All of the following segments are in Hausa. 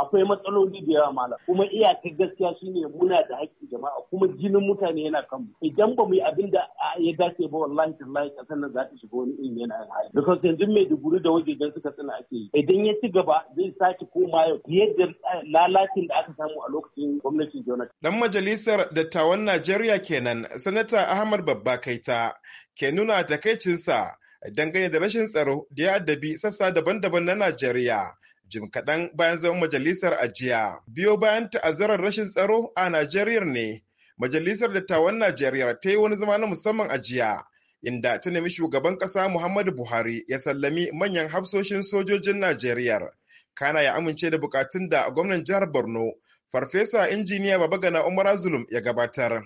akwai matsaloli da yawa malam kuma iyakar gaskiya shine muna da haƙƙi jama'a kuma jinin mutane yana kan mu idan ba mu yi abin da ya dace ba wallahi tallahi kasar nan za ta shiga wani irin yana hali kansa yanzu mai duguri da waje wajejen suka tsina ake yi idan ya ci gaba zai sake koma ya fiye da lalacin da aka samu a lokacin gwamnatin Jonathan dan majalisar dattawan Najeriya kenan sanata Ahmad Babba Kaita ke nuna takaicinsa dangane da rashin tsaro da ya addabi sassa daban-daban na Najeriya jim kaɗan bayan zaman majalisar ajiya Biyo bayan ta'azzarar rashin tsaro a Najeriya ne, majalisar dattawan Najeriya ta yi wani zama na musamman a jiya. Inda ta nemi shugaban ƙasa Muhammadu Buhari ya sallami manyan hafsoshin sojojin Najeriya. Kana ya amince da bukatun da gwamnan jihar Borno, Farfesa Injiniya Babagana Umar Zulum ya gabatar.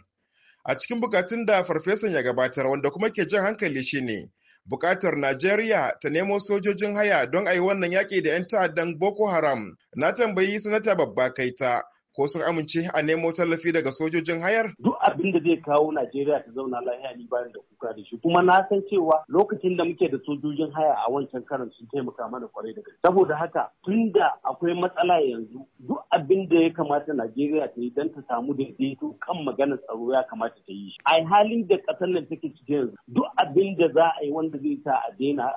A cikin bukatun da farfesan ya gabatar wanda kuma ke jan hankali shine bukatar Najeriya ta nemo sojojin haya don a yi wannan yaƙi da 'yan ta'addan Boko Haram. Na tambayi sanata babba ta, ko sun amince a nemo tallafi daga sojojin hayar? Duk abin da zai kawo Najeriya ta zauna lafiya ni bayan da kuka da shi kuma na san cewa lokacin da muke da sojojin haya a wancan karan sun taimaka mana kwarai da gaske. Saboda haka tunda akwai matsala yanzu duk abin da ya kamata Najeriya ta yi don ta samu daidaito kan maganar tsaro ya kamata ta yi. A halin da ƙasar nan take cikin duk abin da za a yi wanda zai sa a daina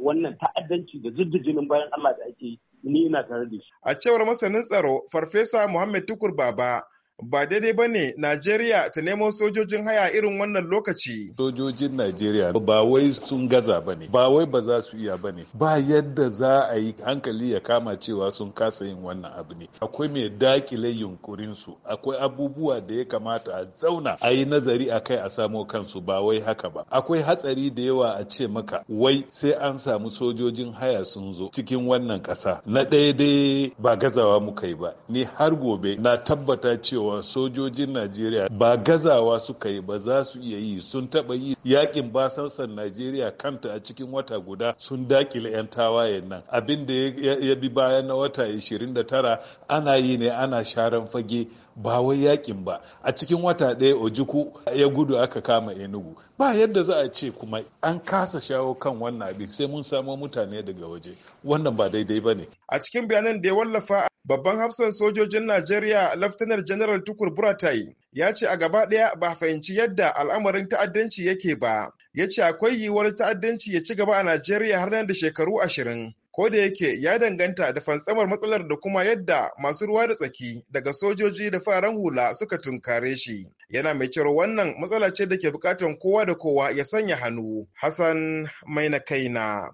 wannan ta'addanci da jinin bayan Allah da ake yi ni ina tare da shi. A cewar masanin tsaro Farfesa Muhammad Tukur Baba ba daidai ba ne Najeriya ta nemo sojojin haya irin wannan lokaci. Sojojin Najeriya ba wai sun gaza ba ne, ba wai ba za su iya ba ne, ba yadda za a yi hankali ya kama cewa sun kasa yin wannan abu ne. Akwai mai dakile yunkurin su, akwai abubuwa da ya kamata a zauna a yi nazari a kai a samo kansu ba wai haka ba. Akwai hatsari da yawa a ce maka wai sai an samu sojojin haya sun zo cikin wannan ƙasa. Na ɗaya ba gazawa muka yi ba, ni har gobe na tabbata cewa cewa sojojin Najeriya ba gazawa suka yi ba za su iya yi sun taba yi yakin basansan Najeriya kanta a cikin wata guda sun dakile 'yan tawayen nan abin da ya bi bayan na wata 29 ana yi ne ana sharan fage ba wai yakin ba a cikin wata ɗaya ojuku ya gudu aka kama enugu ba yadda za a ce kuma an kasa shawo kan wannan abin sai mun samo mutane daga waje wannan ba daidai ba ne a cikin bayanan da ya wallafa Babban hafsan sojojin Najeriya Laftanar Janaral Tukur Buratai ya ce a gaba ɗaya ba fahimci yadda al'amarin ta'addanci yake ba. Ya ce akwai yiwuwar ta'addanci ya ci gaba a Najeriya har nan da shekaru ashirin. Ko da yake ya danganta da fantsamar matsalar da kuma yadda masu ruwa da tsaki daga sojoji da faran hula suka tunkare shi. Yana mai cewa wannan matsala ce da ke bukatar kowa da kowa ya sanya hannu. Hassan Maina Kaina,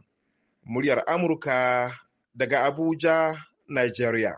muryar Amurka daga Abuja, Nigeria